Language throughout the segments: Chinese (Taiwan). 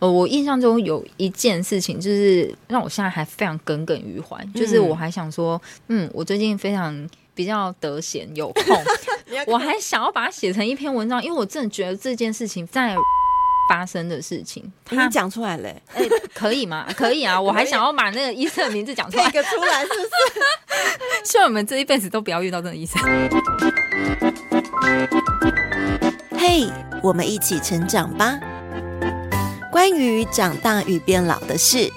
呃，我印象中有一件事情，就是讓我現在還非常耿耿於懷。嗯、就是我還想說，嗯，我最近非常比較得閒有空， 看我還想要把它寫成一篇文章，因為我真的覺得這件事情在 X X 發生的事情，他講出來嘞、欸？哎、欸，可以嗎？可以啊，我還想要把那個醫生的名字講出來， 可以個出來是不是？ 希望我們這一輩子都不要遇到這種醫生。嘿，hey, 我們一起成長吧。關於長大與變老的事，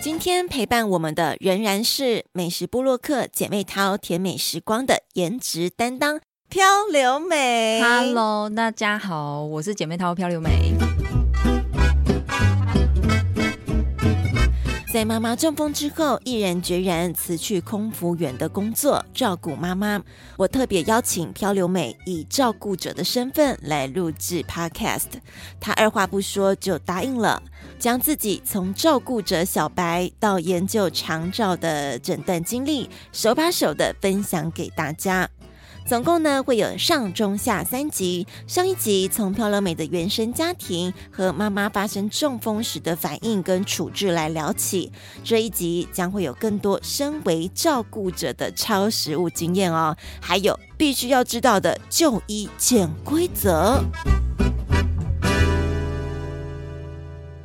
今天陪伴我們的仍然是美食部落客姐妹淘甜美時光的顏值擔當漂流美。Hello，大家好，我是姐妹淘漂流美。在媽媽中風之後，毅然決然辭去空服員的工作，照顧媽媽。我特別邀請漂流美以照顧者的身份來錄製 Podcast，她二話不說就答應了，將自己從照顧者小白到研究長照的診斷經歷，手把手的分享給大家。總共呢，會有上中下三集。上一集從漂流美的原生家庭和媽媽發生中風時的反應跟處置來聊起，這一集將會有更多身為照顧者的超實務經驗哦，還有必須要知道的就醫潛規則。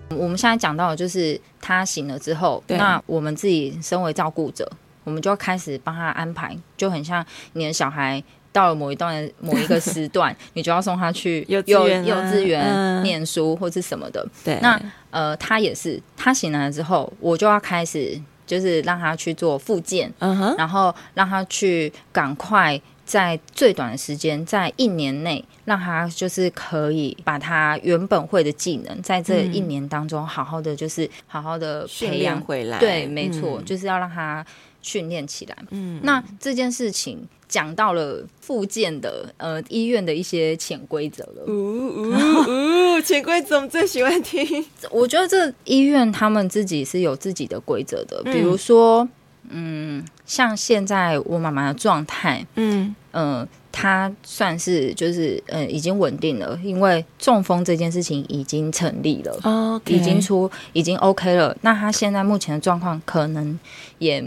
我們現在講到的就是他醒了之後，對那我們自己身為照顧者。我們就要開始幫他安排，就很像你的小孩到了某一段，某一個時段， 你就要送他去幼幼、啊、幼稚園念書或是什麼的。對，那呃，他也是，他醒來了之後，我就要開始就是讓他去做復健，Uh-huh. 然後讓他去趕快在最短的時間，在一年內讓他就是可以把他原本會的技能，在這一年當中好好的就是好好的培養，嗯、回來。對，沒錯，嗯、就是要讓他。訓練起來，嗯、那這件事情講到了復健的呃醫院的一些潛規則了。嗚嗚嗚，潛規則我最喜歡聽。我覺得這醫院他們自己是有自己的規則的，嗯、比如說，嗯，像現在我媽媽的狀態，嗯嗯。呃他算是就是嗯已經穩定了，因為中風這件事情已經成立了，oh, okay. 已經出已經 OK 了。那他現在目前的狀況，可能也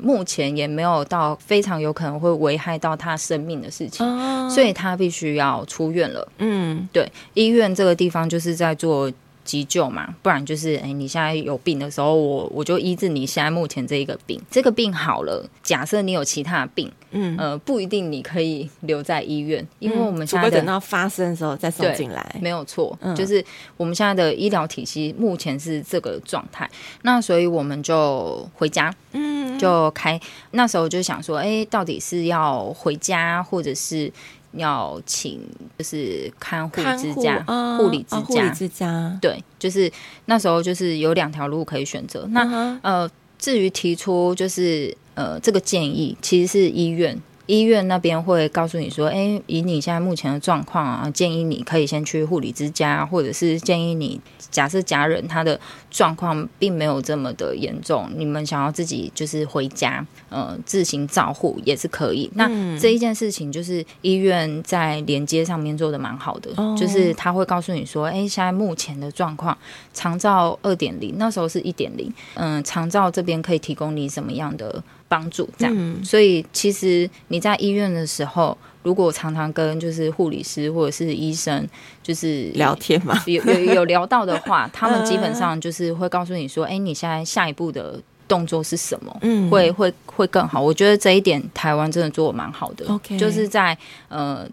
目前也沒有到非常有可能會危害到他生命的事情，oh. 所以他必須要出院了。嗯，mm. 對，醫院這個地方就是在做。急救嘛，不然就是哎、欸，你現在有病的時候，我我就醫治你現在目前這一個病，這個病好了。假設你有其他的病，嗯呃，不一定你可以留在醫院，因為我們就會、嗯、等到發生的時候再送進來，沒有錯，嗯、就是我們現在的醫療體系目前是這個狀態。那所以我們就回家，嗯，嗯，就開那時候就想說，哎、欸，到底是要回家或者是？要請就是看護之家，看護、呃、護理之家，哦、護理之家。對，就是那時候就是有兩條路可以選擇。嗯哼。那呃，至於提出就是呃這個建議，其實是醫院。醫院那邊會告訴你說，哎、欸，以你現在目前的狀況啊，建議你可以先去護理之家，或者是建議你，假設家人他的狀況並沒有這麼的嚴重，你們想要自己就是回家，呃，自行照護也是可以。嗯、那這一件事情就是醫院在連接上面做得蠻好的，哦、就是他會告訴你說，哎、欸，現在目前的狀況，長照二點零，那時候是一點零，嗯，長照這邊可以提供你什麼樣的幫助這樣，嗯、所以其實你在醫院的時候，如果常常跟就是護理師或者是醫生就是聊天嘛，有有有聊到的話， 他們基本上就是會告訴你說，哎、欸，你現在下一步的動作是什麼？嗯，會會會更好。我覺得這一點台灣真的做的蠻好的。Okay. 就是在呃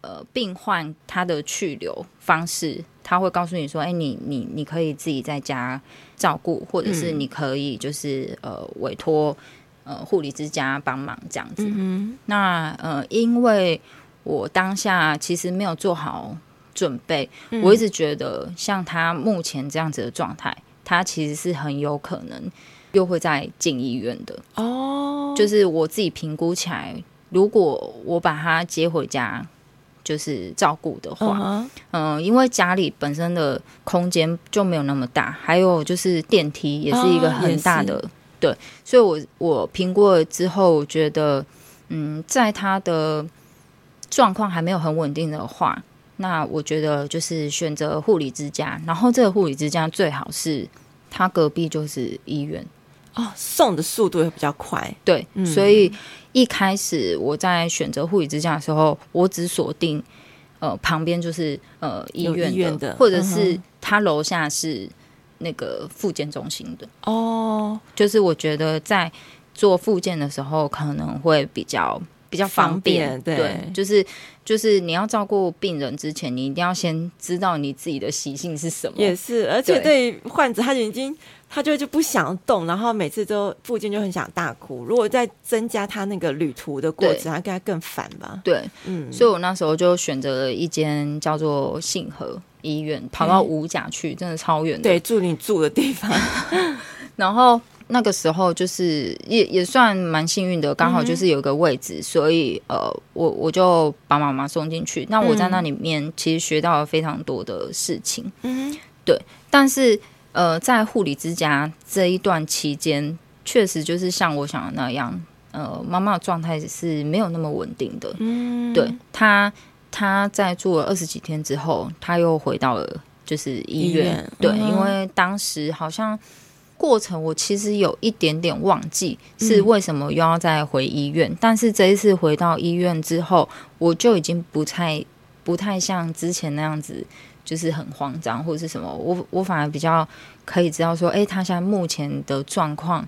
呃病患他的去留方式，他會告訴你說，哎、欸，你你你可以自己在家照顧，或者是你可以就是呃委託。呃，護理之家幫忙這樣子。嗯、哼那呃，因為我當下其實沒有做好準備，嗯、我一直覺得像他目前這樣子的狀態，他其實是很有可能又會再進醫院的。哦，就是我自己評估起來，如果我把他接回家就是照顧的話，嗯哼、呃，因為家裡本身的空間就沒有那麼大，還有就是電梯也是一個很大的、哦。對，所以我，我我評估了之後，我覺得，嗯，在他的狀況還沒有很穩定的話，那我覺得就是選擇護理之家，然後這個護理之家最好是他隔壁就是醫院，啊、哦，送的速度也比較快。對，嗯、所以一開始我在選擇護理之家的時候，我只鎖定，呃，旁邊就是呃醫院的，院的或者是他樓下是。那個復健中心的哦，oh, 就是我覺得在做復健的時候，可能會比較比較方便，方便對，對，就是就是你要照顧病人之前，你一定要先知道你自己的習性是什麼，也是，而且對患者對，他已經。他就就不想動，然後每次都附近就很想大哭。如果再增加他那個旅途的過程對他應該更加更煩吧。對，嗯，所以我那時候就選擇了一間叫做信和醫院，嗯、跑到五甲去，真的超遠的。對，住你住的地方。 然後那個時候就是也也算蠻幸運的，剛好就是有個位置，嗯、哼所以呃，我我就把媽媽送進去。那我在那裡面其實學到了非常多的事情。嗯哼，對，但是。呃，在護理之家這一段期間，確實就是像我想的那樣，呃，媽媽的狀態是沒有那麼穩定的。嗯。對，她她在住了二十幾天之後，她又回到了就是醫院。醫院。對，嗯。因為當時好像過程，我其實有一點點忘記是為什麼又要再回醫院。嗯。但是這一次回到醫院之後，我就已經不太不太像之前那樣子。就是很慌張或者是什麼，我我反而比較可以知道說，哎、欸，他現在目前的狀況，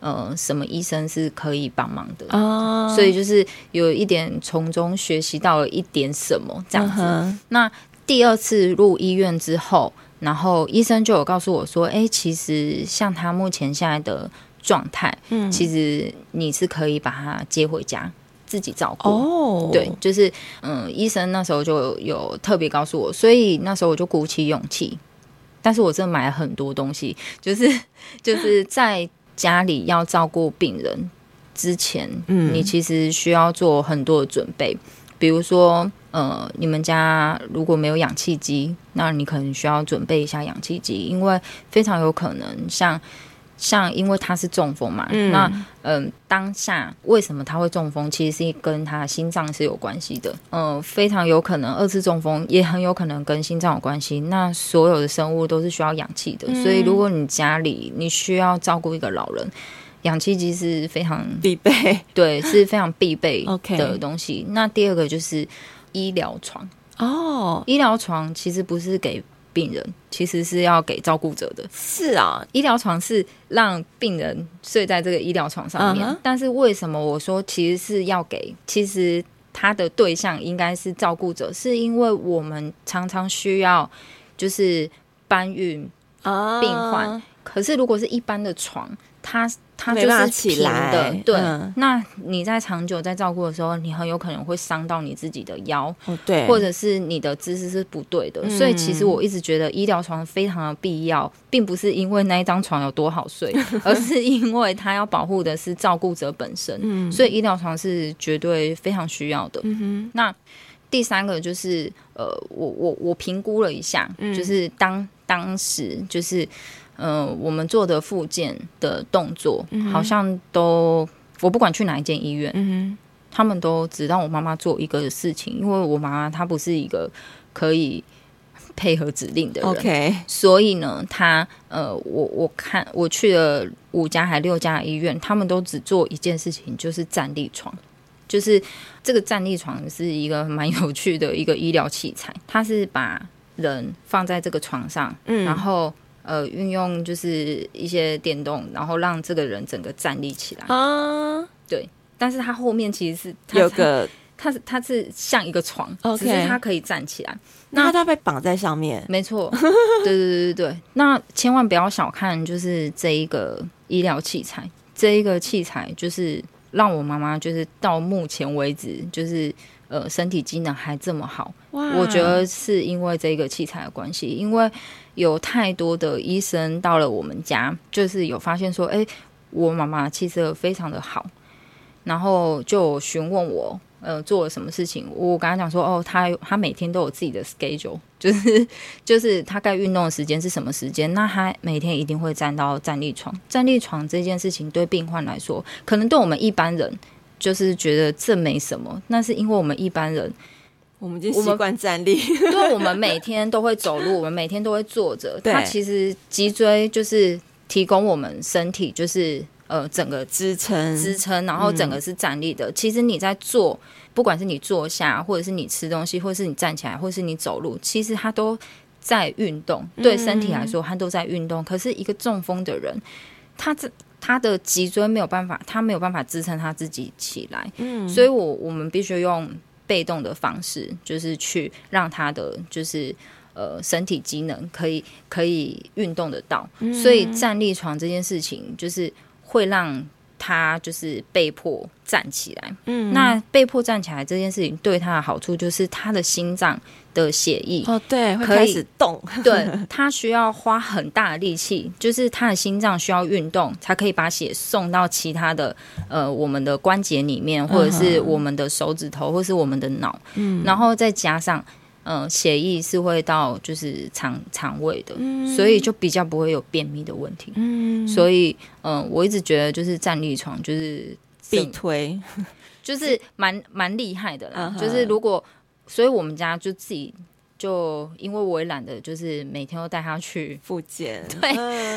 呃，什麼醫生是可以幫忙的，Oh. 所以就是有一點從中學習到了一點什麼這樣子。Mm hmm. 那第二次入醫院之後，然後醫生就有告訴我說，哎、欸，其實像他目前現在的狀態，嗯、mm，hmm. 其實你是可以把他接回家。自己照顧，oh. 對，就是嗯、呃，醫生那時候就有，有特別告訴我，所以那時候我就鼓起勇氣，但是我真的買了很多東西，就是就是在家裡要照顧病人之前，嗯， 你其實需要做很多的準備，比如說呃，你們家如果沒有氧氣機，那你可能需要準備一下氧氣機，因為非常有可能像。像因為他是中風嘛，嗯，那嗯、呃，當下為什麼他會中風，其實是跟他心臟是有關係的。嗯、呃，非常有可能二次中風，也很有可能跟心臟有關係。那所有的生物都是需要氧氣的，嗯、所以如果你家裡你需要照顧一個老人，氧氣機是非常必備，對，是非常必備 OK 的東西。 那第二個就是醫療床哦，醫療床其實不是給。病人其實是要給照顧者的，是啊，醫療床是讓病人睡在這個醫療床上面。Uh huh. 但是為什麼我說其實是要給？其實他的對象應該是照顧者，是因為我們常常需要就是搬運病患。Uh huh. 可是如果是一般的床。他，他就是起來的，對。嗯、那你在長久在照顧的時候，你很有可能會傷到你自己的腰，哦、對，或者是你的姿勢是不對的。嗯、所以其實我一直覺得醫療床非常的必要，並不是因為那一張床有多好睡， 而是因為它要保護的是照顧者本身。嗯，所以醫療床是絕對非常需要的。嗯哼。那第三個就是，呃，我我我評估了一下，嗯、就是當當時就是。嗯、呃，我們做的復健的動作，嗯、哼好像都我不管去哪一間醫院，嗯、哼他們都只讓我媽媽做一個事情，因為我媽媽她不是一個可以配合指令的人，Okay. 所以呢，他呃，我我看我去了五家還六家醫院，他們都只做一件事情，就是站立床。就是這個站立床是一個蠻有趣的一個醫療器材，它是把人放在這個床上，嗯、然後。呃，運用就是一些電動，然後讓這個人整個站立起來啊。對，但是他後面其實是有個，他它是像一個床，Okay. 只是他可以站起來。那，那他被綁在上面。沒錯，對對對對對。 那千萬不要小看就是這一個醫療器材，這一個器材就是讓我媽媽就是到目前為止就是。呃，身體機能還這麼好，Wow. 我覺得是因為這個器材的關係。因為有太多的醫生到了我們家，就是有發現說，哎，我媽媽氣色非常的好，然後就詢問我，呃，做了什麼事情。我跟他講說，哦，她她每天都有自己的 schedule，就是就是她該運動的時間是什麼時間，那她每天一定會站到站立床。站立床這件事情對病患來說，可能對我們一般人。就是覺得這沒什麼，那是因為我們一般人，我們已經習慣站立，因為我們每天都會走路，我們每天都會坐着。對它其實脊椎，就是提供我們身體就是呃整個支撐支撐，然後整個是站立的。嗯、其實你在坐，不管是你坐下，或者是你吃東西，或者是你站起來，或是你走路，其實它都在運動。對身體來說，它都在運動。嗯、可是一個中風的人，他這。他的脊椎沒有辦法，他沒有辦法支撐他自己起來，嗯，所以我我們必須用被動的方式，就是去讓他的就是呃身體機能可以可以運動得到，嗯，所以站立床這件事情就是會讓。他就是被迫站起來，嗯，那被迫站起來這件事情對他的好處就是他的心臟的血液哦，對，會開始動， 對他需要花很大的力氣，就是他的心臟需要運動，才可以把血送到其他的呃我們的關節裡面，或者是我們的手指頭，或者是我們的腦，嗯，然後再加上。嗯，血液是會到就是腸腸胃的，所以就比較不會有便秘的問題。嗯，所以嗯，我一直覺得就是站立床就是必推，就是蠻蠻厲害的啦。就是如果，所以我們家就自己就因為我也懶得，就是每天都帶他去復健。對，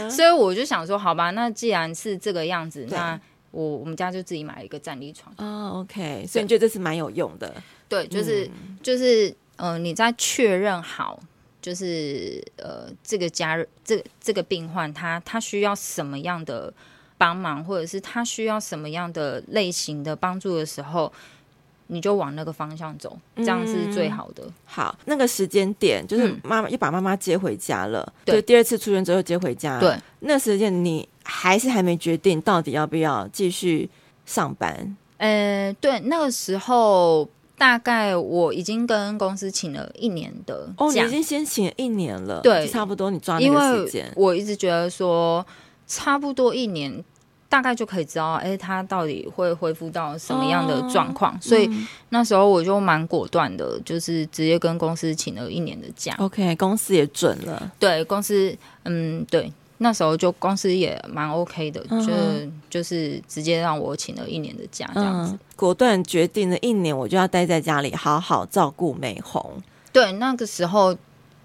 所以我就想說，好吧，那既然是這個樣子，那我我們家就自己買一個站立床。哦，OK，所以你覺得這是蠻有用的？對，就是就是。嗯、呃，你在確認好，就是呃，這個家這個、這個病患他他需要什麼樣的幫忙，或者是他需要什麼樣的類型的幫助的時候，你就往那個方向走，這樣是最好的。嗯、好，那個時間點就是媽媽又、嗯、把媽媽接回家了，對，第二次出院之後接回家了，對，那時間你還是還沒決定到底要不要繼續上班？嗯、呃，對，那個時候。大概我已經跟公司請了一年的假哦。你已經先請了一年了？對，差不多你抓緊時間。我一直覺得說差不多一年，大概就可以知道，哎、欸，他到底會恢復到什麼樣的狀況。哦、所以、嗯、那時候我就蠻果斷的，就是直接跟公司請了一年的假。OK，公司也准了，對公司，嗯，對。那時候就公司也蠻 OK 的，嗯、就就是直接讓我請了一年的假，這樣子、嗯、果斷決定了一年，我就要待在家裡好好照顧美紅。對，那個時候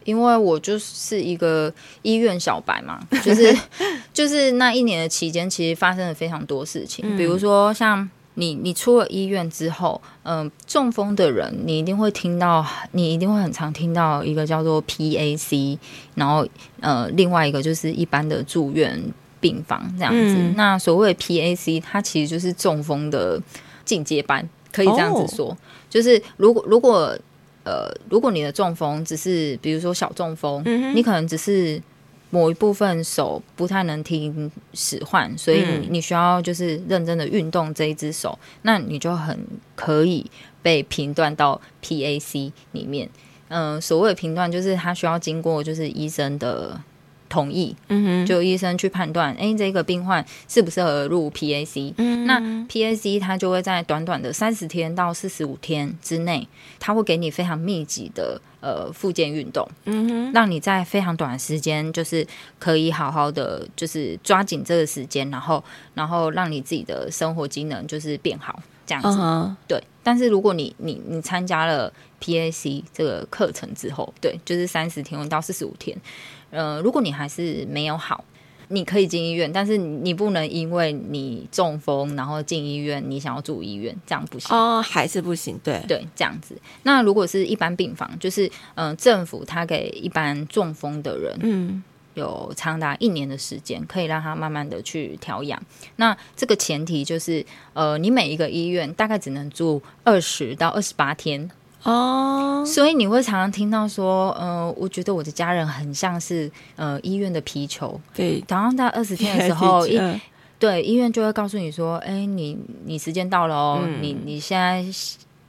因為我就是一個醫院小白嘛，就是 就是那一年的期間，其實發生了非常多事情，嗯、比如說像。你你出了醫院之後，嗯、呃，中風的人你一定會聽到，你一定會很常聽到一個叫做 PAC，然後呃，另外一個就是一般的住院病房這樣子。嗯、那所謂的 PAC，它其實就是中風的進階班，可以這樣子說，哦、就是如果如果呃，如果你的中風只是比如說小中風，嗯、哼你可能只是。某一部分手不太能聽使喚，所以你需要就是認真的運動這一只手，嗯、那你就很可以被評斷到 PAC 裡面。嗯、呃，所謂的評斷就是它需要經過就是醫生的。同意，就醫生去判斷，哎、嗯哼，這個病患適不適合入 PAC。嗯哼，那 PAC 它就會在短短的三十天到四十五天之內，它會給你非常密集的呃復健運動，嗯哼，讓你在非常短的時間就是可以好好的，就是抓緊這個時間，然後然後讓你自己的生活機能就是變好，這樣子。哦、呵對，但是如果你你你參加了 PAC 這個課程之後，對，就是三十天到四十五天。呃，如果你還是沒有好，你可以進醫院，但是你不能因為你中風然後進醫院，你想要住醫院，這樣不行哦，還是不行，對對，這樣子。那如果是一般病房，就是嗯、呃，政府他給一般中風的人，嗯，有長達一年的時間，可以讓他慢慢的去調養。那這個前提就是，呃，你每一個醫院大概只能住二十到二十八天。哦，oh. 所以你會常常聽到說，呃，我覺得我的家人很像是呃醫院的皮球，對，等到大概二十天的時候 yeah，對，醫院就會告訴你說，哎、欸，你你時間到了哦，嗯、你你現在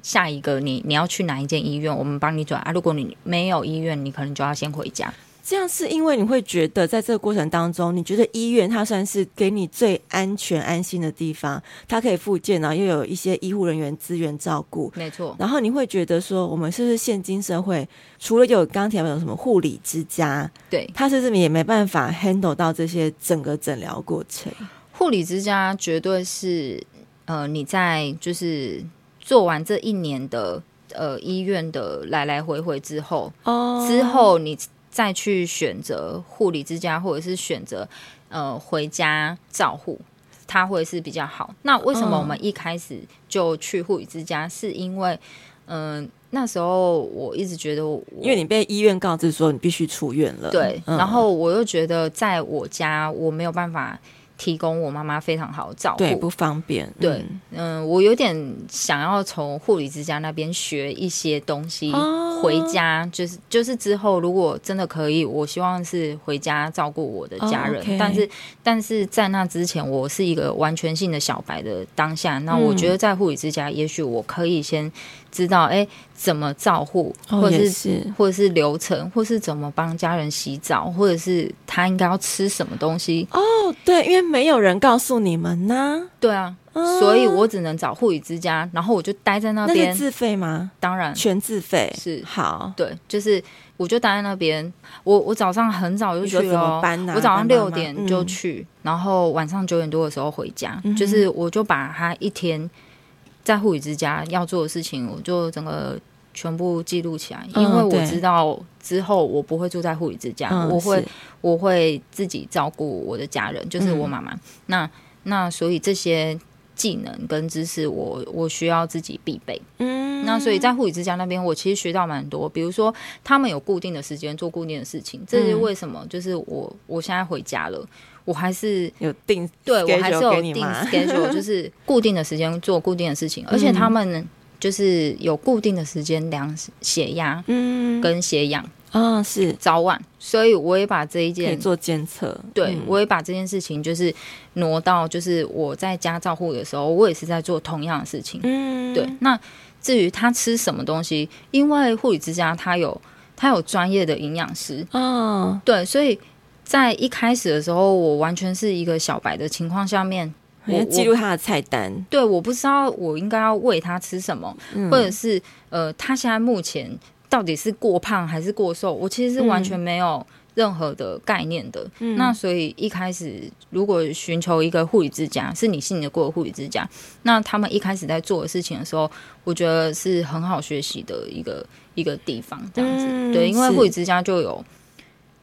下一個，你你要去哪一間醫院？我們幫你轉啊，如果你沒有醫院，你可能就要先回家。這樣是因為你會覺得，在這個過程當中，你覺得醫院它算是給你最安全、安心的地方，它可以復健，然後又有一些醫護人員資源照顧，沒錯。然後你會覺得說，我們是不是現今社會除了有鋼鐵，還有什麼護理之家？對，它是這邊也沒辦法 handle 到這些整個診療過程。護理之家絕對是，呃，你在就是做完這一年的呃醫院的來來回回之後，哦，之後你。再去選擇護理之家，或者是選擇呃回家照護，他會是比較好。那為什麼我們一開始就去護理之家？嗯、是因為，嗯、呃，那時候我一直覺得，因為你被醫院告知說你必須出院了，對，然後我又覺得在我家我沒有辦法。提供我媽媽非常好照顧，對不方便。嗯、對，嗯、呃，我有點想要從護理之家那邊學一些東西，哦、回家就是就是之後如果真的可以，我希望是回家照顧我的家人。哦 okay、但是，但是在那之前，我是一個完全性的小白的當下，那我覺得在護理之家，也許我可以先。知道哎、欸，怎麼照護，或者是、哦、是或者是流程，或是怎麼幫家人洗澡，或者是他應該要吃什麼東西？哦，對，因為沒有人告訴你們呢、啊。對啊，哦、所以我只能找護理之家，然後我就待在那邊自費嗎？當然，全自費是好。對，就是我就待在那邊。我我早上很早就去了、啊，我早上六點就去，媽媽嗯、然後晚上九點多的時候回家。嗯、哼就是我就把他一天。在護理之家要做的事情，我就整個全部記錄起來，嗯、因為我知道之後我不會住在護理之家，嗯、我會是我會自己照顧我的家人，就是我媽媽。嗯、那那所以這些技能跟知識我，我我需要自己必備。嗯，那所以在護理之家那邊，我其實學到蠻多，比如說他們有固定的時間做固定的事情，這是為什麼？就是我、嗯、我現在回家了。我還是有定對，對，我還是有定 schedule，你 就是固定的時間做固定的事情，嗯、而且他們就是有固定的時間量血壓，嗯，跟血氧啊、嗯哦、是早晚，所以我也把這一件做監測，對、嗯、我也把這件事情就是挪到就是我在家照護的時候，我也是在做同樣的事情，嗯，對。那至於他吃什麼東西，因為護理之家他有他有專業的營養師，嗯、哦，對，所以。在一開始的時候，我完全是一個小白的情況下面，要記錄他的菜單。對，我不知道我應該要餵他吃什麼，嗯、或者是呃，他現在目前到底是過胖還是過瘦，我其實是完全沒有任何的概念的。嗯、那所以一開始，如果尋求一個護理之家，是你信得過的護理之家，那他們一開始在做的事情的時候，我覺得是很好學習的一個一個地方。這樣子，嗯、對，因為護理之家就有。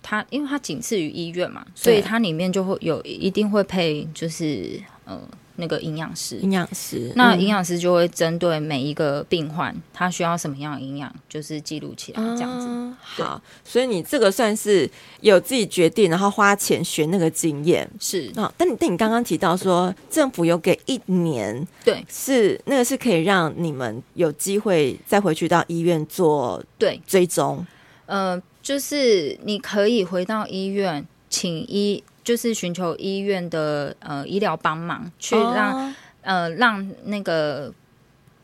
它因為它僅次於醫院嘛，所以它裡面就會有一定會配，就是呃那個營養師，營養師，那營養師就會針對每一個病患，他、嗯、需要什麼樣的營養，就是記錄起來這樣子。嗯、對好，所以你這個算是有自己決定，然後花錢學那個經驗是啊、嗯，但你但你剛剛提到說政府有給一年，對，是那個是可以讓你們有機會再回去到醫院做追對追蹤，嗯、呃。就是你可以回到醫院，請醫，就是尋求醫院的呃醫療幫忙，去讓、oh. 呃讓那個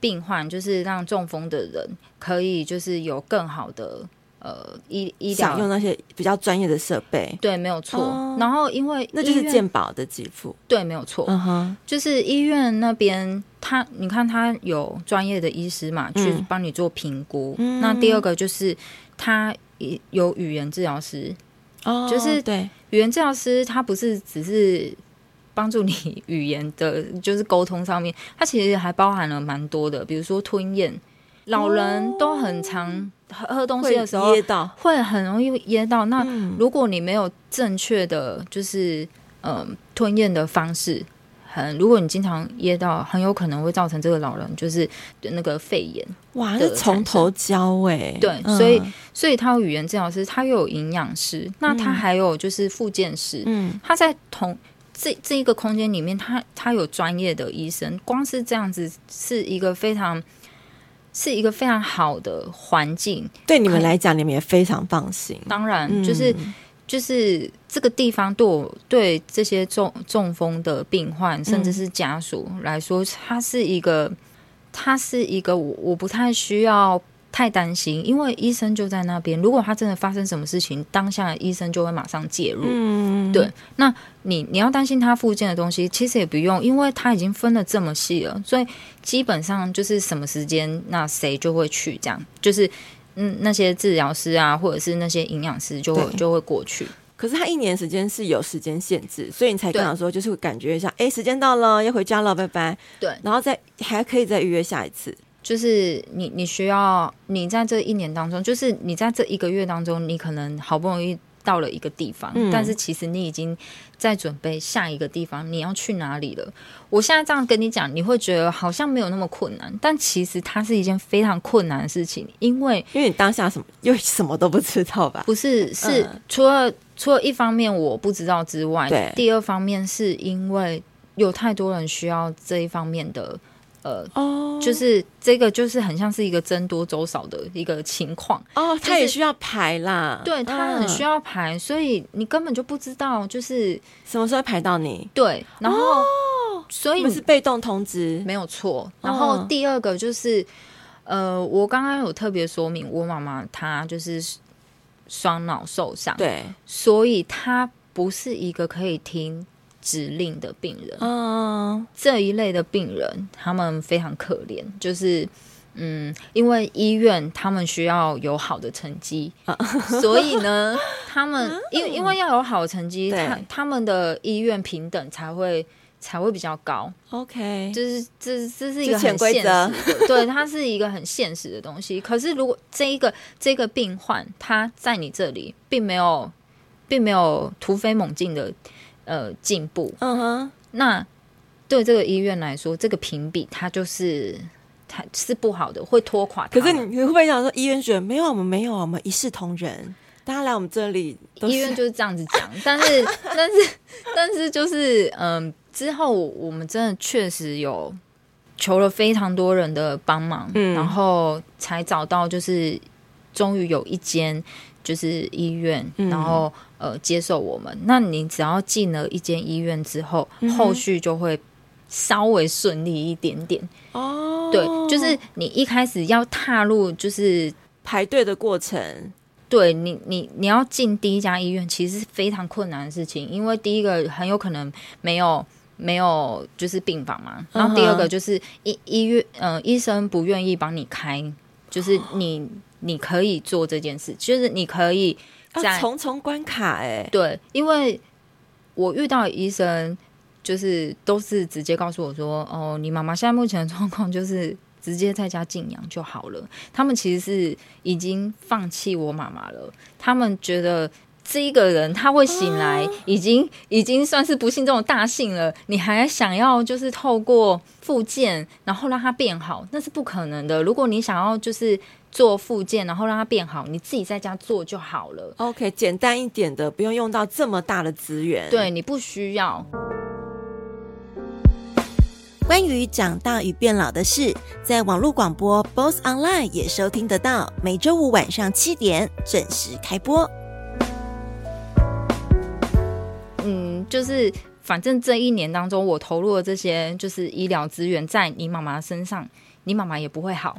病患，就是讓中風的人可以就是有更好的呃醫醫療，想用那些比較專業的設備，對，沒有錯。Oh. 然後因為那就是健保的給付，對，沒有錯。Uh huh. 就是醫院那邊他，你看他有專業的醫師嘛，去幫你做評估。嗯、那第二個就是他。有語言治療師，哦，oh, 就是對，語言治療師，他不是只是幫助你語言的，就是溝通上面，他其實還包含了蠻多的，比如說吞嚥，老人都很常喝東西的時候，oh, 會噎到，會很容易噎到。那如果你沒有正確的，就是、呃、吞嚥的方式。如果你經常噎到，很有可能會造成這個老人就是那個肺炎。哇，這從頭教哎，對，嗯、所以所以他有語言治療師，他又有營養師，嗯、那他還有就是復健師。嗯，他在同這這一個空間裡面，他他有專業的醫生，光是這樣子是一個非常是一個非常好的環境。對你們來講，以你們也非常放心。當然，嗯、就是。就是這個地方對我對這些中中風的病患，甚至是家屬來說，它、嗯、是一個，它是一個我我不太需要太擔心，因為醫生就在那邊。如果他真的發生什麼事情，當下的醫生就會馬上介入。嗯，對。那你你要擔心他附近的東西，其實也不用，因為他已經分得這麼細了，所以基本上就是什麼時間，那誰就會去，這樣就是。嗯，那些治療師啊，或者是那些營養師，就會對就會過去。可是他一年時間是有時間限制，所以你才跟他說，就是感覺一下，哎對、欸，時間到了，要回家了，拜拜。對，然後再還可以再預約下一次。就是你你需要你在這一年當中，就是你在這一個月當中，你可能好不容易。到了一個地方，嗯、但是其實你已經在準備下一個地方你要去哪裡了。我現在這樣跟你講，你會覺得好像沒有那麼困難，但其實它是一件非常困難的事情，因為因為你當下什麼又什麼都不知道吧？不是是、嗯、除了除了一方面我不知道之外，對第二方面是因為有太多人需要這一方面的。呃，哦，oh. 就是這個，就是很像是一個僧多粥少的一個情況哦，oh, 就是、他也需要排啦，對，他很需要排，oh. 所以你根本就不知道就是什麼時候排到你，對，然後、oh. 所以是被動通知沒有錯，然後第二個就是，oh. 呃，我剛剛有特別說明，我媽媽她就是雙腦受傷，對，所以她不是一個可以聽。指令的病人，嗯，oh. 這一類的病人，他們非常可憐，就是，嗯，因為醫院他們需要有好的成績，oh. 所以呢，他們因因為要有好的成績，他、oh. 他們的醫院評等才會對才會比較高，OK，就是這這是一個很現實的，對，它是一個很現實的東西。 可是如果這一個這個病患他在你這裡並沒有並沒有突飛猛進的。呃，進步。嗯哼、uh，huh. 那對這個醫院來說，這個評比它就是它是不好的，會拖垮。可是你你會不會想說，醫院選沒有，我們沒有我們一視同仁，大家來我們這裡，醫院就是這樣子講。 但是，但是，但是，就是嗯、呃，之後我們真的確實有求了非常多人的幫忙，嗯、然後才找到，就是終於有一間就是醫院，嗯、然後。呃，接受我們。那你只要進了一間醫院之後，嗯、後續就會稍微順利一點點。哦，對，就是你一開始要踏入就是排隊的過程，對你，你你要進第一家醫院其實是非常困難的事情，因為第一個很有可能沒有沒有就是病房嘛，然後第二個就是醫、嗯、哼、醫院嗯、呃、醫生不願意幫你開，就是你你可以做這件事，就是你可以。啊，重重關卡誒、欸，對，因為我遇到的醫生，就是都是直接告訴我說：“哦，你媽媽現在目前的狀況就是直接在家靜養就好了。”他們其實是已經放棄我媽媽了，他們覺得。這一個人他會醒來，已經已經算是不幸中的大幸了。你還想要就是透過復健，然後讓他變好，那是不可能的。如果你想要就是做復健，然後讓他變好，你自己在家做就好了。OK，簡單一點的，不用用到這麼大的資源。對，你不需要。關於長大與變老的事，在網絡廣播 BOSS Online 也收聽得到，每周五晚上七點準時開播。嗯，就是反正這一年當中，我投入的這些就是醫療資源在你媽媽身上，你媽媽也不會好。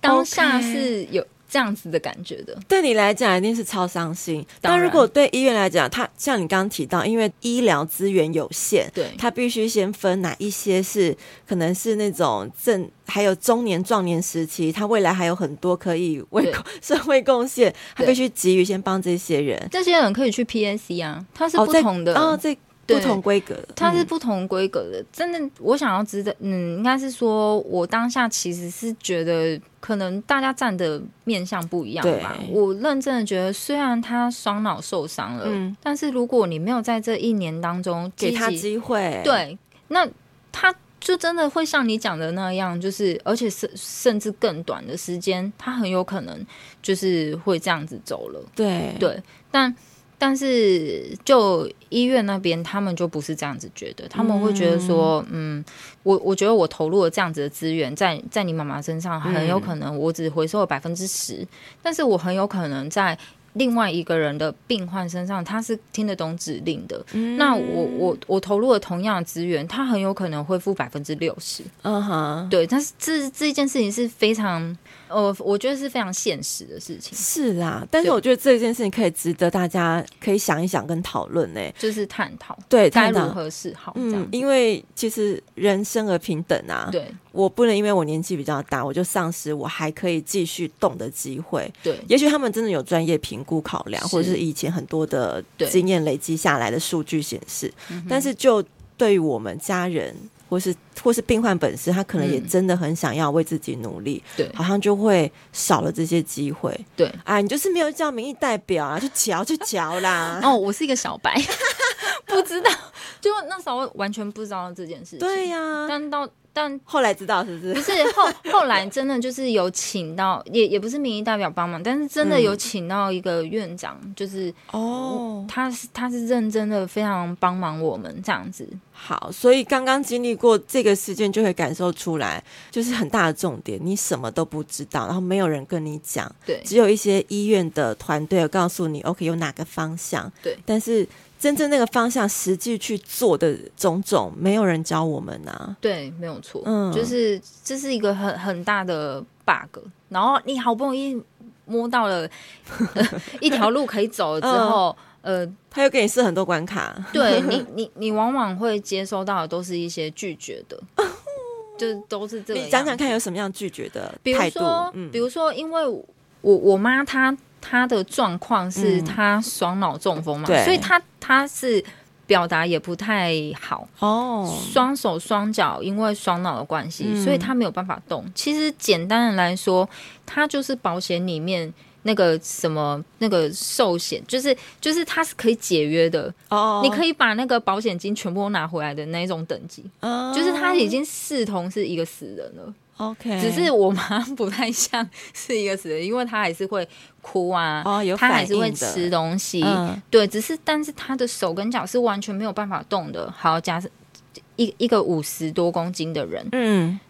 當下是有這樣子的感覺的，對你來講一定是超傷心。然但如果對醫院來講，他像你剛剛提到，因為醫療資源有限，對他必須先分哪一些是可能是那種正還有中年壯年時期，他未來還有很多可以為對社會貢獻，他必須急於先幫這些人。對這些人可以去 PAC 啊，他是不同的這。哦對不同規格，它是不同規格的。嗯、真的，我想要知道，嗯，應該是說，我當下其實是覺得，可能大家站的面向不一樣吧。對我認真的覺得，雖然他雙腦受傷了，嗯、但是如果你沒有在這一年當中給他機會，對，那他就真的會像你講的那樣，就是，而且甚甚至更短的時間，他很有可能就是會這樣子走了。對對，但。但是，就醫院那邊，他們就不是這樣子覺得，嗯、他們會覺得說，嗯，我我覺得我投入了這樣子的資源在，在在你媽媽身上，很有可能我只回收了百分之十，嗯、但是我很有可能在另外一個人的病患身上，他是聽得懂指令的，嗯、那我我我投入了同樣的資源，他很有可能會付百分之六十，嗯哼，對，但是這這件事情是非常。呃，我覺得是非常現實的事情。是啦，但是我覺得這件事情可以值得大家可以想一想跟討論呢，就是探討，對該討如何是好這樣。嗯，因為其實人生而平等啊，對，我不能因為我年紀比較大，我就喪失我還可以繼續動的機會。對，也許他們真的有專業評估考量，是或者是以前很多的經驗累積下來的數據顯示，對但是就對於我們家人。或是或是病患本身，他可能也真的很想要為自己努力，嗯、對，好像就會少了這些機會，對，啊、哎，你就是沒有叫民意代表啊，就喬就喬啦， 哦，我是一個小白。 不知道，就那時候完全不知道這件事情。對呀、啊，但到但後來知道是不是？ 不是後後來真的就是有請到，也也不是民意代表幫忙，但是真的有請到一個院長，嗯、就是哦，他是他是認真的，非常幫忙我們這樣子。好，所以剛剛經歷過這個事件，就會感受出來，就是很大的重點，你什麼都不知道，然後沒有人跟你講，對，只有一些醫院的團隊有告訴你，OK，有哪個方向，對，但是。真正那個方向實際去做的種種，沒有人教我們啊。對，沒有錯，嗯，就是這是一個很很大的 bug。然後你好不容易摸到了、 呃、一條路可以走了之後，嗯、呃，他，他又給你設很多關卡。 對你，你，你往往會接收到的都是一些拒絕的， 就都是這樣。你講講看有什麼樣拒絕的態度。嗯，比如說，嗯、比如說因為我我媽她。他的狀況是他雙腦中風嘛，嗯、所以他他是表達也不太好哦。雙手雙腳因為雙腦的關係，嗯、所以他沒有辦法動。其實簡單的來說，他就是保險裡面那個什麼那個壽險，就是就是他是可以解約的哦，哦。你可以把那個保險金全部都拿回來的那一種等級，哦、就是他已經視同是一個死人了。OK，只是我媽不太像是一個死人，因為她還是會哭啊，oh, 她還是會吃東西，嗯、對，只是但是她的手跟腳是完全沒有辦法動的。好，加一一個五十多公斤的人，嗯，嗯，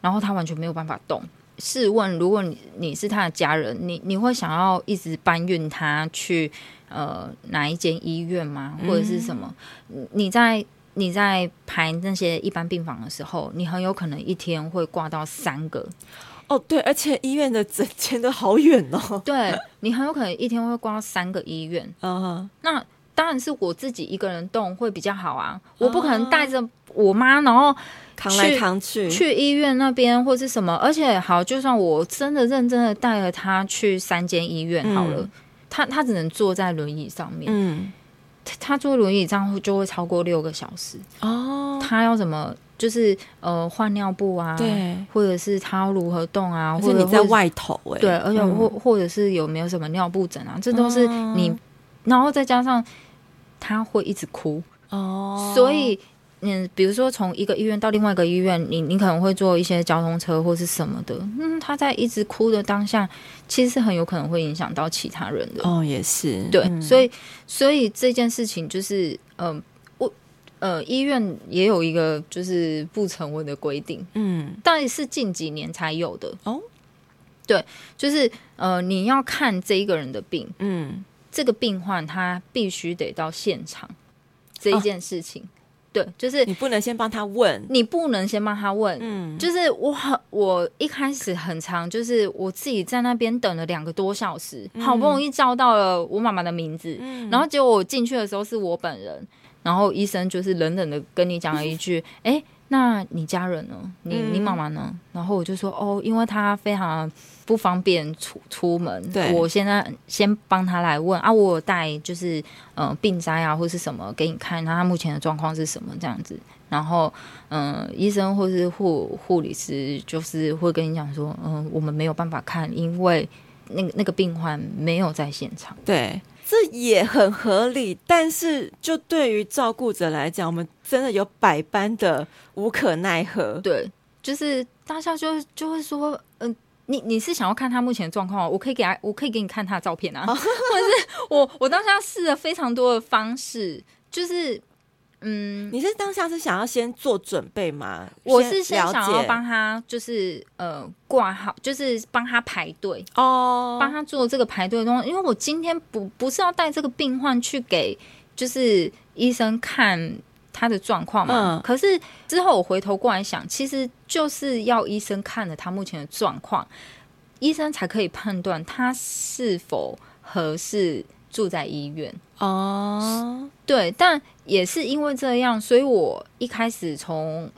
然後她完全沒有辦法動。試問，如果你你是她的家人，你你會想要一直搬運她去呃哪一間醫院嗎？或者是什麼？嗯、你在？你在排那些一般病房的時候，你很有可能一天會掛到三個。哦，對，而且醫院的整間都好遠哦。對，你很有可能一天會掛到三個醫院。嗯， 那當然是我自己一個人動會比較好啊。哦、我不可能帶着我媽，然後扛來扛去去醫院那邊或是什麼。而且，好，就算我真的認真的帶了她去三間醫院好了，嗯、她她只能坐在輪椅上面。嗯。.他坐輪椅這樣會就會超過六個小時哦。Oh. 他要怎麼就是呃換尿布啊？對，或者是他要如何動啊？或者你在外頭，誒，對，而且或或者是有沒有什麼尿布疹啊？嗯、這都是你，然後再加上他會一直哭哦，oh. 所以。嗯，比如說從一個醫院到另外一個醫院，你你可能會坐一些交通車或是什麼的。嗯，他在一直哭的當下，其實是很有可能會影響到其他人的。哦，也是。嗯、對，所以所以這件事情就是，嗯、呃，我呃，醫院也有一個就是不成文的規定，嗯，但是近幾年才有的。哦，對，就是呃，你要看這一個人的病，嗯，這個病患他必須得到現場這一件事情。哦。對，就是你不能先幫他問，你不能先幫他問。嗯，就是我很，我一開始很常，就是我自己在那邊等了兩個多小時，好不容易叫到了我媽媽的名字，嗯、然後結果我進去的時候是我本人，然後醫生就是冷冷的跟你講了一句：“哎、嗯。欸”那你家人呢？你你媽媽呢？嗯、然後我就說哦，因為她非常不方便出出門。對我現在先幫她來問啊，我有帶就是嗯、呃、病摘啊或是什麼給你看，那她目前的狀況是什麼這樣子？然後嗯、呃，醫生或是護護理師就是會跟你講說，嗯、呃，我們沒有辦法看，因為那個那個病患沒有在現場。對。這也很合理，但是就對於照顧者來講，我們真的有百般的無可奈何。對，就是大家就就會說，嗯，你你是想要看他目前的狀況，我可以給他，我可以給你看他的照片啊，或者 是我我當下試了非常多的方式，就是。嗯，你是當下是想要先做準備嗎？我是先想要幫他、就是呃，就是呃掛號，就是幫他排隊哦，幫他做這個排隊的東西，因為我今天不不是要帶這個病患去給，就是醫生看他的狀況嘛。嗯、可是之後我回頭過來想，其實就是要醫生看了他目前的狀況，醫生才可以判斷他是否合適。住在醫院哦，oh. 對，但也是因為這樣，所以我一開始從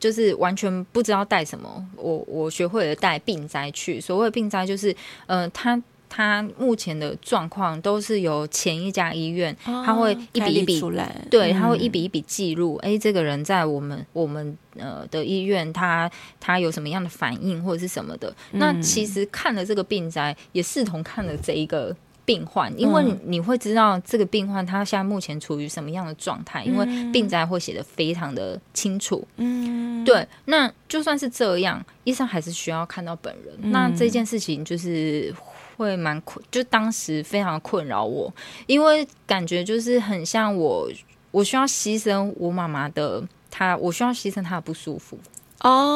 就是完全不知道帶什麼，我我學會了帶病歷去。所謂病歷，就是呃，他他目前的狀況都是由前一家醫院，oh. 他會一筆一筆，出來對，他會一筆一筆記錄。哎、嗯欸，這個人在我們我們呃的醫院，他他有什麼樣的反應或者是什麼的？嗯、那其實看了這個病歷，也視同看了這一個。病患，因為你會知道這個病患他現在目前處於什麼樣的狀態，嗯、因為病歷會寫得非常的清楚。嗯，對，那就算是這樣，醫生還是需要看到本人。嗯、那這件事情就是會蠻困，就當時非常的困擾我，因為感覺就是很像我，我需要犧牲我媽媽的，她，我需要犧牲她的不舒服。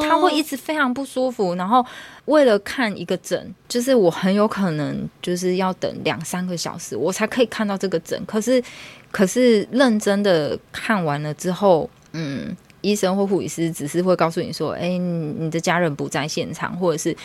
他會一直非常不舒服，oh. 然後為了看一個診，就是我很有可能就是要等兩三個小時，我才可以看到這個診。可是，可是認真的看完了之後，嗯，醫生或護理師只是會告訴你說，哎，你的家人不在現場，或者是。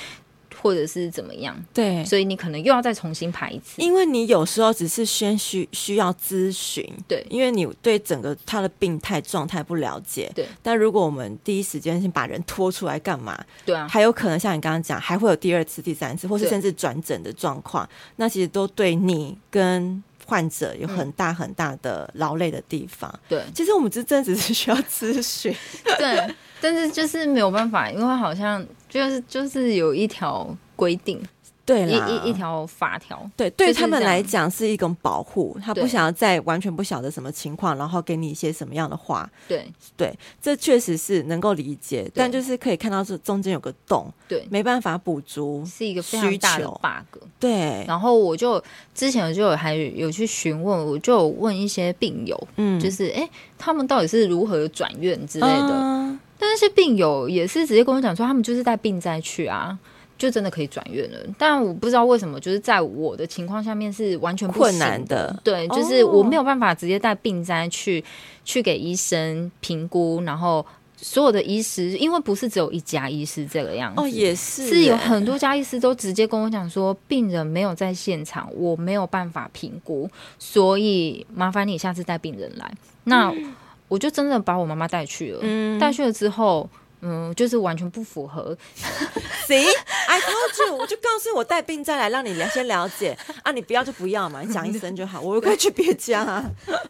或者是怎麼樣？對，所以你可能又要再重新排一次，因為你有時候只是先需需要諮詢，對，因為你對整個他的病態狀態不了解，對。但如果我們第一時間先把人拖出來幹嘛？對啊，還有可能像你剛剛講，還會有第二次、第三次，或是甚至轉診的狀況，對那其實都對你跟患者有很大很大的勞累的地方。嗯、對，其實我們這真的只是需要諮詢， 對，但是就是沒有辦法，因為好像。就是就是有一條規定，對啦一一條法條，對，對他們來講是一種保護，他不想要在完全不曉得什麼情況，然後給你一些什麼樣的話，對對，這確實是能夠理解，對但就是可以看到這中間有個洞，對，沒辦法補足，是一個非常大的 bug，對。然後我就之前我就有還有去詢問，我就有問一些病友，嗯，就是哎、欸，他們到底是如何轉院之類的。嗯但是病友也是直接跟我講說，他們就是帶病災去啊，就真的可以轉院了。但我不知道為什麼，就是在我的情況下面是完全不困難的。對，就是我沒有辦法直接帶病災去，哦、去給醫生評估，然後所有的醫師，因為不是只有一家醫師這個樣子哦，也是是有很多家醫師都直接跟我講說，病人沒有在現場，我沒有辦法評估，所以麻煩你下次帶病人來。那。嗯我就真的把我媽媽帶去了，帶去了、嗯、帶去了之後，嗯，就是完全不符合。行，I told you，我就告訴我帶病再來，讓你先了解 啊，你不要就不要嘛，你講 一聲就好，我可以去別家，啊。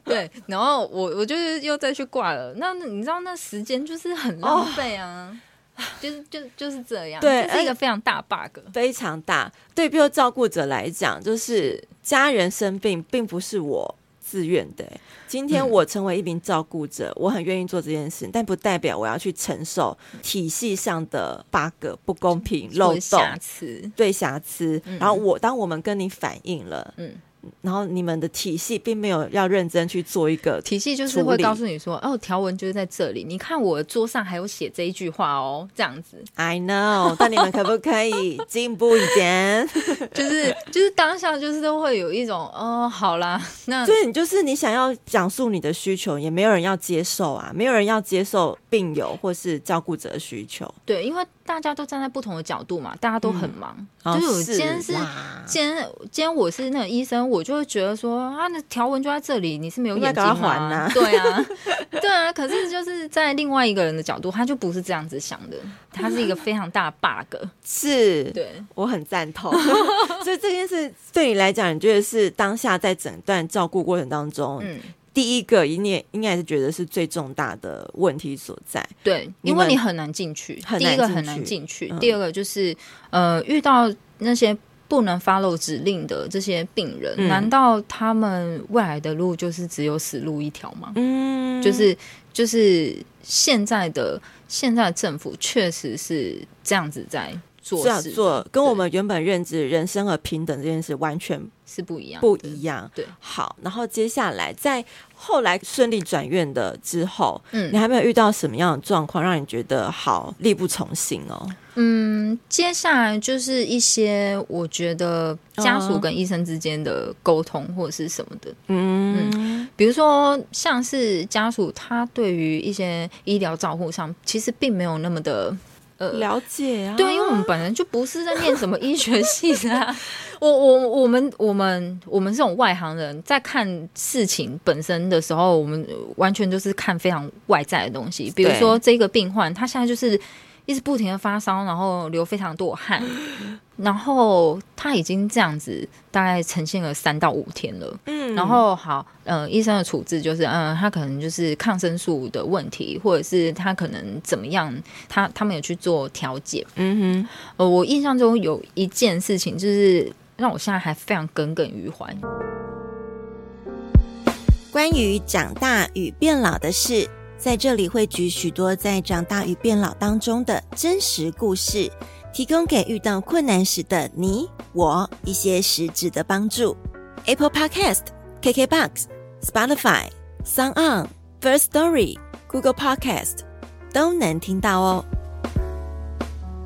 對，然後我我就是又再去掛了，那你知道那時間就是很浪費啊，oh, 就是就就是這樣，對這是一個非常大 bug，呃、非常大。對，比如照顧者來講，就是家人生病，並不是我。自願的、欸。今天我成為一名照顧者，嗯、我很願意做這件事，但不代表我要去承受體系上的 bug、不公平、漏洞、瑕疵，對瑕疵。然後我，當我們跟你反映了，嗯。然後你們的體系並沒有要認真去做一個體系，就是會告訴你說，哦，條文就是在這裡。你看我桌上還有寫這一句話哦，這樣子。I know，但你們可不可以進步一點？ 就是就是當下就是都會有一種，哦，好啦，所以你就是你想要講述你的需求，也沒有人要接受啊，沒有人要接受病友或是照顧者的需求。對，因為。大家都站在不同的角度嘛，大家都很忙。嗯、就是今天是、哦、是今天，我是那個醫生，我就會覺得說啊，那條文就在這裡，你是沒有眼睛呢、啊啊、對啊， 對啊。可是就是在另外一個人的角度，他就不是這樣子想的，他是一個非常大的 bug。是、嗯，對我很贊同。 所以這件事對你來講，你覺得是當下在診斷照顧過程當中。嗯第一個，你也應該還是覺得是最重大的問題所在。對，因為你很難進去。進去第一個很難進去，嗯、第二個就是，呃，遇到那些不能 follow 指令的這些病人，嗯、難道他們未來的路就是只有死路一條嗎？嗯，就是就是現在的現在的政府確實是這樣子在。做、是啊，做跟我們原本認知人生和平等這件事完全是不一樣，不一樣。對，好。然後接下來，在後來順利轉院的之後，嗯，你還沒有遇到什麼樣的狀況讓你覺得好力不從心哦？嗯，接下來就是一些我覺得家屬跟醫生之間的溝通或者是什麼的，嗯，嗯，比如說像是家屬他對於一些醫療照護上其實並沒有那麼的。呃，了解啊。對，因為我們本身就不是在念什麼醫學系的、啊， 我我我們我們我們這種外行人在看事情本身的時候，我們完全就是看非常外在的東西，對比如說這個病患，他現在就是。一直不停的發燒，然後流非常多汗，然後他已經這樣子大概呈現了三到五天了。嗯，然後好，呃，醫生的處置就是，嗯、呃，他可能就是抗生素的問題，或者是他可能怎麼樣，他他們有去做調節。嗯哼，呃，我印象中有一件事情，就是讓我現在還非常耿耿於懷，關於長大與變老的事。在這裡匯集許多在長大與變老當中的真實故事，提供給遇到困難時的你我一些實質的幫助。Apple Podcast、KKBox、Spotify、Sound On、Firstory、Google Podcast 都能聽到哦。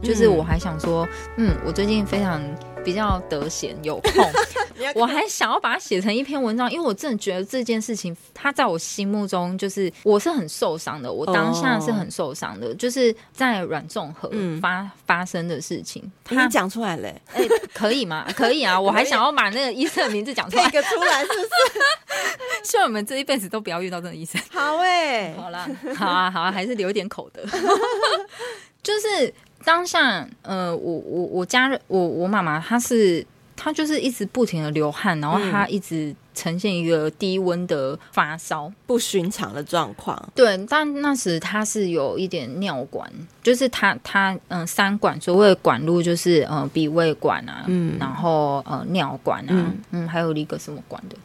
就是我還想說，嗯，我最近非常。比較得閒有空， 看我還想要把它寫成一篇文章，因為我真的覺得這件事情，它在我心目中就是我是很受傷的，我當下是很受傷的，哦、就是在軟綜合發、嗯、發生的事情，他講出來了、欸，哎、欸，可以嗎？可以啊，我還想要把那個醫生的名字講出來，一個出來是不是？希望我們這一輩子都不要遇到這樣的醫生。好哎、欸，好了，好啊，好啊，還是留一點口德， 就是。當下，呃，我我我家人我我媽媽，她是她就是一直不停的流汗，然後她一直呈現一個低溫的發燒、嗯、不尋常的狀況。對，但那時她是有一點尿管，就是她她嗯三管，所謂的管路就是嗯、呃、鼻胃管啊，嗯，然後呃尿管啊，嗯，還有一個什麼管的。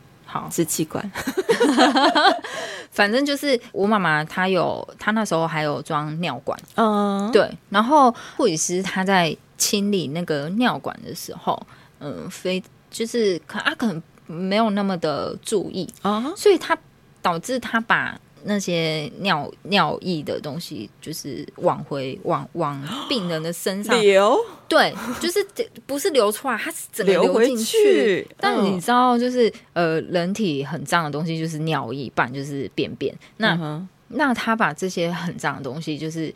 是氣好管， 反正就是我媽媽她有，她那時候還有裝尿管，嗯，對，然後護理師她在清理那個尿管的時候，嗯，非就是、啊、可能阿肯沒有那麼的注意啊，嗯、所以她導致她把。那些尿尿液的東西，就是往回往往病人的身上流，對，就是不是流出來，它是整個流進去。回去嗯、但你知道，就是呃，人體很髒的東西，就是尿液，不然就是便便。那、嗯、哼那他把這些很髒的東西，就是。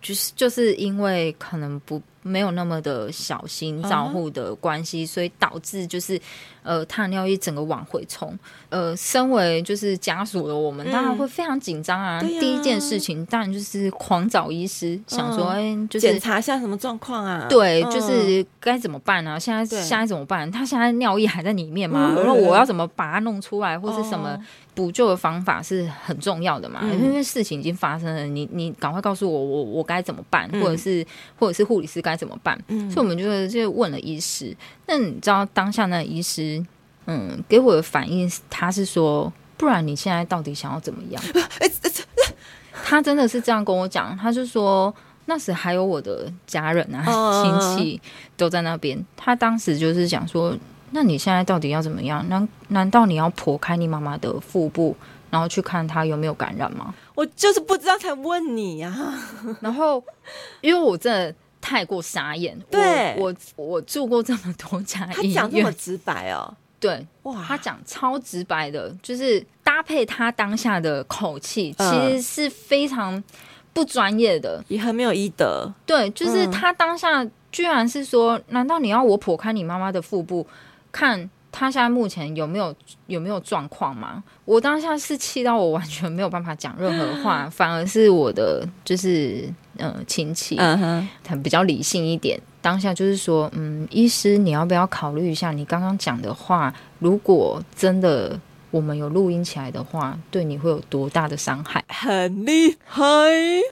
就是就是因為可能不沒有那麼的小心照顧的關係，啊、所以導致就是呃，他的尿液整個往回沖。呃，身為就是家屬的我們、嗯、當然會非常緊張啊。啊第一件事情當然就是狂找醫師，嗯、想說哎、欸，就是檢查一下什麼狀況啊？對，就是該怎麼辦啊？現在、嗯、現在怎麼辦？他現在尿液還在裡面嗎？然後我要怎麼把它弄出來，或是什麼補救的方法是很重要的嘛？嗯、因為事情已經發生了，你你趕快告訴我我。我我該怎麼辦，或者是、嗯、或者是護理師該怎麼辦？嗯、所以我們就就問了醫師。那你知道當下那醫師嗯給我的反應，他是說，不然你現在到底想要怎麼樣？ 他真的是這樣跟我講，他就說，那時還有我的家人啊親 戚都在那邊。他當時就是講說，那你現在到底要怎麼樣？難難道你要剖開你媽媽的腹部，然後去看她有沒有感染嗎？我就是不知道才問你呀、啊， 然後因為我真的太過傻眼，對我我我住過這麼多家醫院，他講這麼直白哦，對，哇，他講超直白的，就是搭配他當下的口氣，呃、其實是非常不專業的，也很沒有醫德。對，就是他當下居然是說，嗯、難道你要我剖開你媽媽的腹部看？他現在目前有沒有有沒有狀況嗎？我當下是氣到我完全沒有辦法講任何話，反而是我的就是嗯、親戚，他比較理性一點。當下就是說，嗯，醫師，你要不要考慮一下你剛剛講的話，如果真的。我們有錄音起來的話，對你會有多大的傷害？很厲害。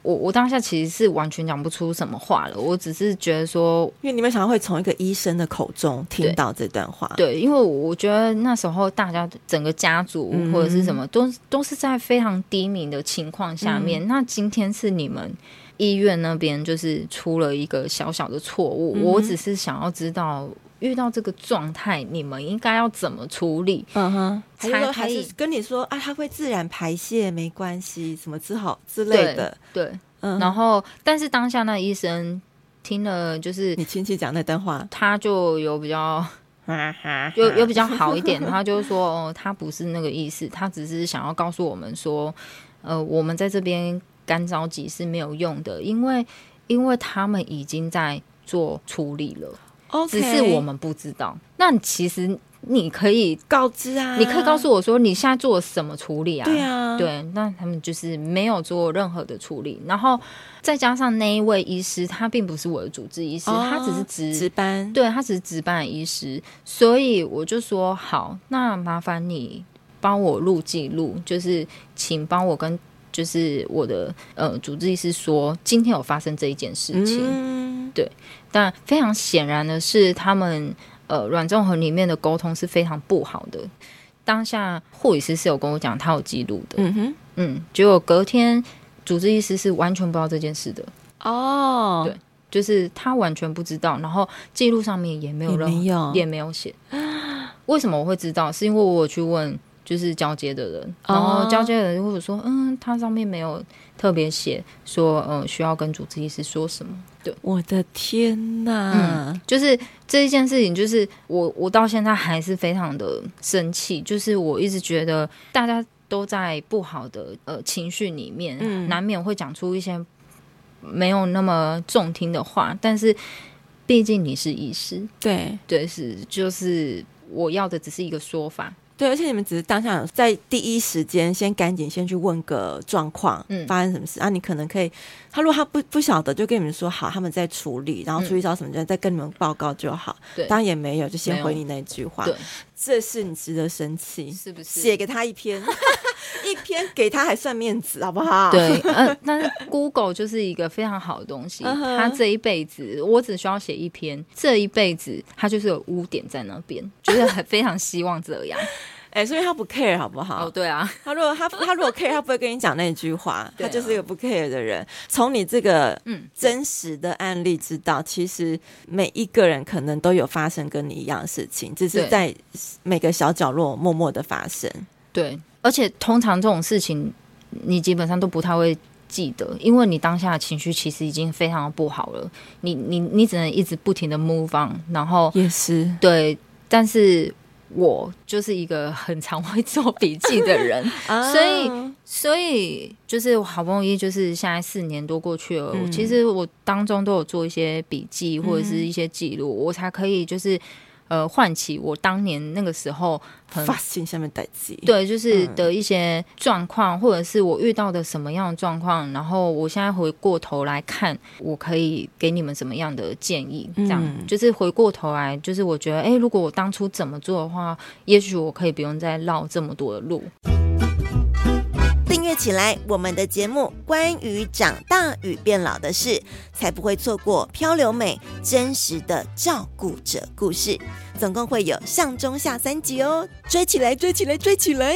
我我當下其實是完全講不出什麼話了。我只是覺得說，因為你們想要會從一個醫生的口中聽到這段話。對，因為我覺得那時候大家整個家族或者是什麼，都、嗯、哼都是在非常低迷的情況下面。嗯、那今天是你們醫院那邊就是出了一個小小的錯誤。嗯、哼我只是想要知道。遇到這個狀態，你們應該要怎麼處理？嗯哼，才是還是還跟你說啊，他會自然排泄，沒關係，什麼治好之類的。對，對嗯哼。然後，但是當下那醫生聽了，就是你親戚講那段話，他就有比較，哈哈，哈，哈， 有有比較好一點。他就說說、呃，他不是那個意思，他只是想要告訴我們說，呃，我們在這邊乾着急是沒有用的，因為因為他們已經在做處理了。Okay. 只是我們不知道。那其實你可以告知啊，你可以告訴我說你現在做什麼處理啊？對啊，對，那他們就是沒有做任何的處理，然後再加上那一位醫師，他並不是我的主治醫師，oh, 他只是值值班，對，他只是值班的醫師，所以我就說好，那麻煩你幫我錄記錄，就是請幫我跟。就是我的呃主治醫師說，今天有發生這一件事情，嗯、對。但非常顯然的是，他們呃軟縱合裡面的溝通是非常不好的。當下護理師是有跟我講，他有記錄的。嗯哼，嗯，結果隔天主治醫師是完全不知道這件事的。哦，對，就是他完全不知道，然後記錄上面也沒有也沒有寫。為什麼我會知道？是因為我有去問。就是交接的人，oh. 然後交接的人或者說，嗯，他上面沒有特別寫說，呃，需要跟主治醫師說什麼。對，我的天哪！嗯，就是這一件事情，就是我我到現在還是非常的生氣，就是我一直覺得大家都在不好的呃情緒裡面，嗯，難免會講出一些沒有那麼中聽的話，但是畢竟你是醫師，對對是，就是我要的只是一個說法。對，而且你們只是當下在第一時間，先趕緊先去問個狀況，嗯，發生什麼事、嗯、啊？你可能可以。他如果他不不曉得，就跟你們說好，他們在處理，然後出去找什麼人，嗯、再跟你們報告就好。對，當然也沒有，就先回你那一句話。對，這是你值得生氣是不是？寫對給他一篇，是是 一篇給他還算面子好不好？對，嗯、呃，但是 Google 就是一個非常好的東西。他 這一輩子，我只需要寫一篇，這一輩子他就是有污點在那邊，覺、就、得、是、很非常希望這樣。 哎、欸，所以他不 care，好不好？哦，對啊，他如果他他如果 care，他不會跟你講那句話， 啊、他就是一個不 care 的人。從你這個真實的案例知道，嗯、其實每一個人可能都有發生跟你一樣的事情，只是在每個小角落默默的發生。對，對，而且通常這種事情，你基本上都不太會記得，因為你當下的情緒其實已經非常不好了。你你你只能一直不停的 move on，然後也是對，但是。我就是一個很常會做筆記的人， oh. 所以所以就是我好不容易，就是現在四年多過去了，嗯、其實我當中都有做一些筆記或者是一些記錄，嗯、我才可以就是。呃，喚起我當年那個時候很發生什麼代志？對，就是的一些狀況，嗯、或者是我遇到的什麼樣的狀況，然後我現在回過頭來看，我可以給你們什麼樣的建議？嗯、這樣就是回過頭來，就是我覺得，哎，如果我當初怎麼做的話，也許我可以不用再繞這麼多的路。起來，我們的節目關於長大與變老的事，才不會錯過。漂流美真實的照顧者故事，總共會有上中下三集哦，追起來，追起來，追起來！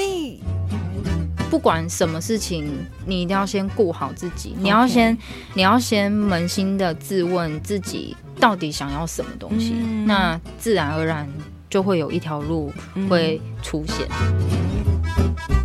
不管什麼事情，你一定要先顧好自己，Okay. 你要先，你要先捫心的自問自己到底想要什麼東西，嗯、那自然而然就會有一條路會出現。嗯